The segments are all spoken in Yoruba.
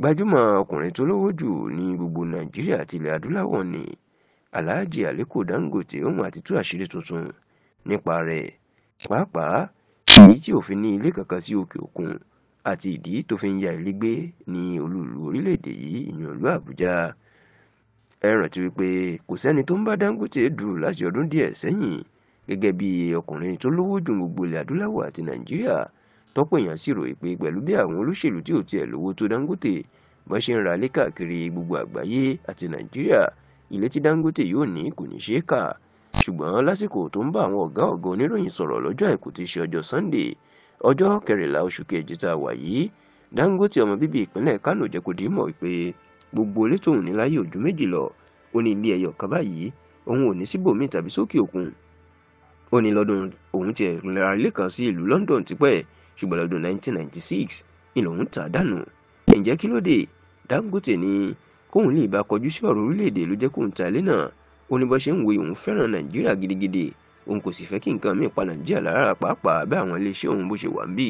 gbajúmọ̀ ọkùnrin tó lówó jù ní gbogbo nàìjíríà àti ilẹ̀ adúláwọ̀ ni alhaji aliko dangote òun àti tú àṣírí tuntun nípa rẹ̀ pàápàá èyí tí ò fi ní ilé kankan sí òkè òkun àti ìdí tó fi ń ya ilé gbé ní olúùlú orílẹ̀-èdè yìí ìyẹn ìlú àbújá ẹ rántí wípé kò sẹ́ni tó ń bá dangote dù láti ọdún díẹ̀ sẹ́yìn gẹ́gẹ́ bí ọkùnrin tó lówó jù gbogbo ilẹ̀ adúláwọ̀ àti nàìjíríà tọ́pọ̀ èèyàn sì ròyìn pé pẹ̀lú bí àwọn olóṣèlú tí ò tiẹ̀ lówó tó Dangote bọ́n ṣe ń ra ilé káàkiri gbogbo àgbáyé àti Nàìjíríà ilé tí Dangote yóò ní kò ní ṣeé kà ṣùgbọ́n lásìkò tó ń bá àwọn ọ̀gá ọ̀gá oníròyìn sọ̀rọ̀ lọ́jọ́ àìkú ti ṣe ọjọ́ Sunday ọjọ́ kẹrìnlá oṣù kejì tá a wà yìí Dangote ọmọ bíbí ìpínlẹ̀ Kánò jẹ́ kó dìímọ̀ pé gbogbo ilé tóun ní láyé ojú méjì lọ ó ní ilé ẹyọ kan báyìí òun ò ní síbòmíì tàbí sókè òkun ó ní lọ́dún òun tiẹ̀ ra ilé kan sí ìlú London tipẹ́ ṣùgbọ́n lọ́dún 1996 ni lòun tà dànù ǹjẹ́ kí ló dé Dangote ni kóun lè bá kọjú sí ọ̀rọ̀ orílẹ̀-èdè ló jẹ́ kóun ta ilé náà ó ní bó ṣe ń wòye òun fẹ́ràn Nàìjíríà gidigidi òun kò sì fẹ́ kí nǹkan míì pa Nàìjíríà lára pàápàá bẹ́ẹ̀ àwọn iléeṣẹ́ òun bó ṣe wà ń bì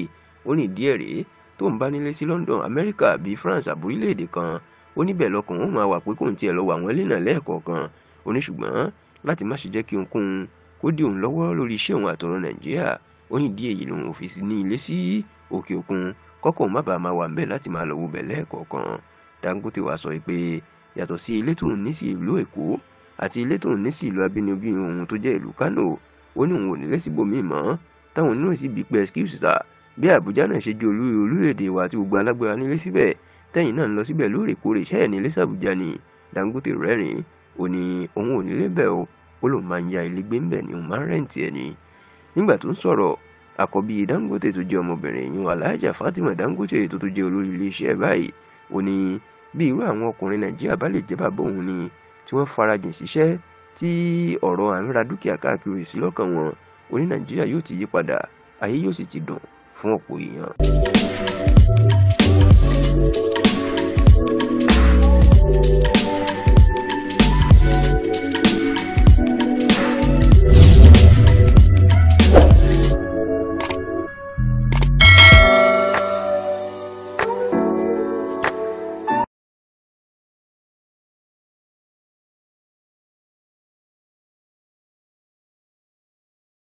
ó ní ìdí ẹ̀ tó ń bá nílé sí London Amẹ́ríkà bíi France àbúrílẹ̀-èdè kan ó níbẹ̀ lọkàn ó máa wà pé kóun tiẹ̀ lọ wà wọ́n lé náà lẹ́ẹ̀kọ̀ọ̀kan ó ní ṣùgbọ́n láti má ṣe jẹ́ kí ohunkóhun kó dí òun lọ́wọ́ lórí iṣẹ́ òun àtọ̀rọ̀ Nàìjíríà ó ní díẹ̀ yìí lòun ò fi ní ilé sí òkè òkun kọ́kọ́ má bàa máa wà ńbẹ̀ láti máa lọ wo bẹ̀ lẹ́ẹ̀kọ̀ọ̀kan Dangote wá sọ pé yàtọ̀ sí ilé tóun ní sí ìlú Èkó àti ilé tóun ní sí ìlú abínibí òun tó jẹ́ ìlú Kánò ó ní òun ò nílé síbòmíì mọ́ táwọn onírò sì bí pé excuse sir bí Àbújá náà ṣe jẹ́ olú orílẹ̀-èdè wa àti gbogbo alágbára nílé síbẹ̀ tẹ́yìn náà ń lọ síbẹ̀ lóòrèkóòrè ṣẹ́ẹ̀ nílé sàbújá ni Dangote rẹ́rìn-ín ó òun ò nílé bẹ́ẹ̀ o ó lóun máa ń ya ilé gbé ńbẹ̀ ni òun máa ń rẹ́ǹtì ẹ̀ ni nígbà tó ń sọ̀rọ̀ àkọ́bí Dangote tó jẹ́ ọmọbìnrin yìí Alhaja Fatima Dangote tó tó jẹ́ olórí iléeṣẹ́ báyìí ó ní bí irú àwọn ọkùnrin Nàìjíríà bá lè jẹ́ bàbá òun ni tí wọ́n farajìn ṣiṣẹ́ tí ọ̀rọ̀ àmìra dúkìá káàkiri sí lọ́kàn wọn ó ní Nàìjíríà yóò ti yí padà ayé yóò sì ti dùn fún ọ̀pọ̀ èèyàn.